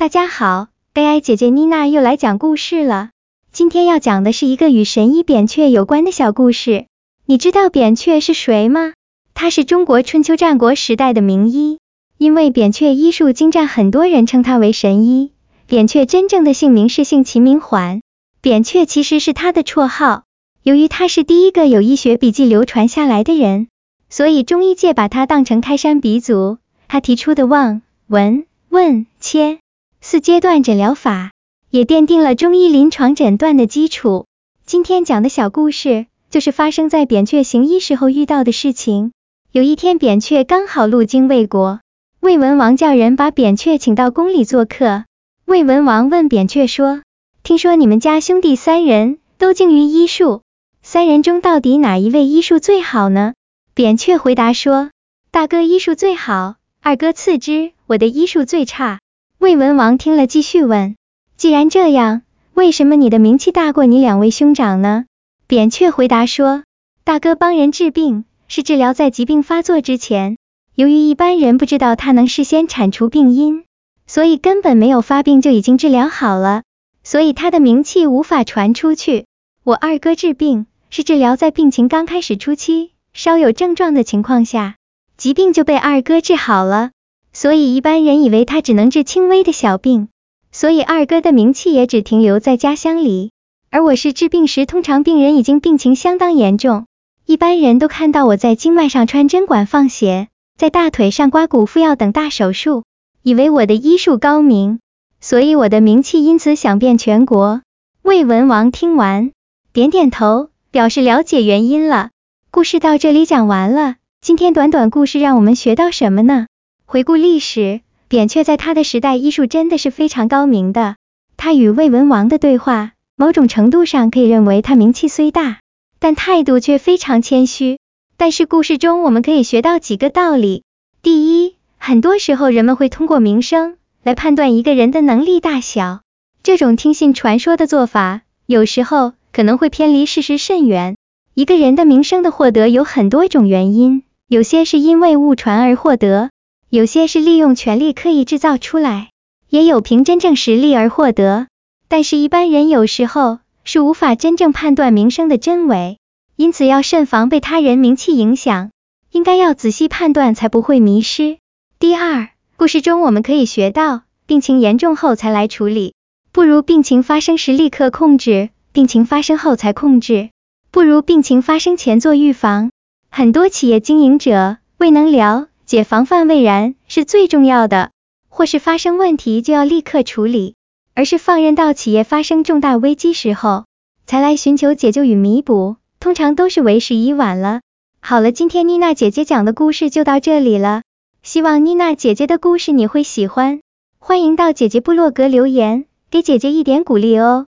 大家好，Ai 姐姐妮娜又來講故事了。今天要講的是一個與神醫扁鵲有關的小故事。你知道扁鵲是誰嗎？他是中國春秋戰國時代的名醫，因為扁鵲醫術精湛，很多人稱他為神醫。扁鵲真正的姓名是姓秦名緩，扁鵲其實是他的綽號。由於他是第一個有醫學筆記流傳下來的人，所以中醫界把他當成開山鼻祖。他提出的望、聞、問、切，四階段診療法也奠定了中醫臨床診斷的基礎。今天講的小故事，就是發生在扁鵲行醫時候遇到的事情。有一天，扁鵲剛好路經魏國，魏文王叫人把扁鵲請到宮裡做客。魏文王問扁鵲說：“聽說你們家兄弟三人都精於醫術，三人中到底哪一位醫術最好呢？”扁鵲回答說：“大哥醫術最好，二哥次之，我的醫術最差。”魏文王聽了，繼續問：“既然這樣，為什麼你的名氣大過你兩位兄長呢？”扁鵲回答說：“大哥幫人治病，是治療在疾病發作之前，由於一般人不知道他能事先鏟除病因，所以根本沒有發病就已經治療好了，所以他的名氣無法傳出去。我二哥治病，是治療在病情剛開始初期，稍有症狀的情況下，疾病就被二哥治好了。”所以一般人以為他只能治輕微的小病，所以二哥的名氣也只停留在家鄉里。而我是治病時，通常病人已經病情相當嚴重，一般人都看到我在經脈上穿針管放血，在大腿上刮骨敷藥等大手術，以為我的醫術高明，所以我的名氣因此響遍全國。魏文王聽完，點點頭，表示了解原因了。故事到這裡講完了，今天短短故事讓我們學到什麼呢？回顧歷史，扁鵲在他的時代醫術真的是非常高明的。他與魏文王的對話，某種程度上可以認為他名氣雖大，但態度卻非常謙虛。但是故事中我們可以學到幾個道理：第一，很多時候人們會通過名聲來判斷一個人的能力大小，這種聽信傳說的做法，有時候可能會偏離事實甚遠。一個人的名聲的獲得有很多種原因，有些是因為誤傳而獲得。有些是利用權力刻意制造出來，也有憑真正實力而獲得。但是，一般人有時候是無法真正判斷名聲的真偽，因此要慎防被他人名氣影響，應該要仔細判斷才不會迷失。第二，故事中我們可以學到，病情嚴重後才來處理，不如病情發生時立刻控制；病情發生後才控制，不如病情發生前做預防。很多企業經營者未能聊。解防範未然是最重要的，或是發生問題就要立刻處理，而是放任到企業發生重大危機時候才來尋求解救與彌補，通常都是為時已晚了。好了，今天妮娜姐姐講的故事就到這裡了，希望妮娜姐姐的故事你會喜歡，歡迎到姐姐部落格留言，給姐姐一點鼓勵哦。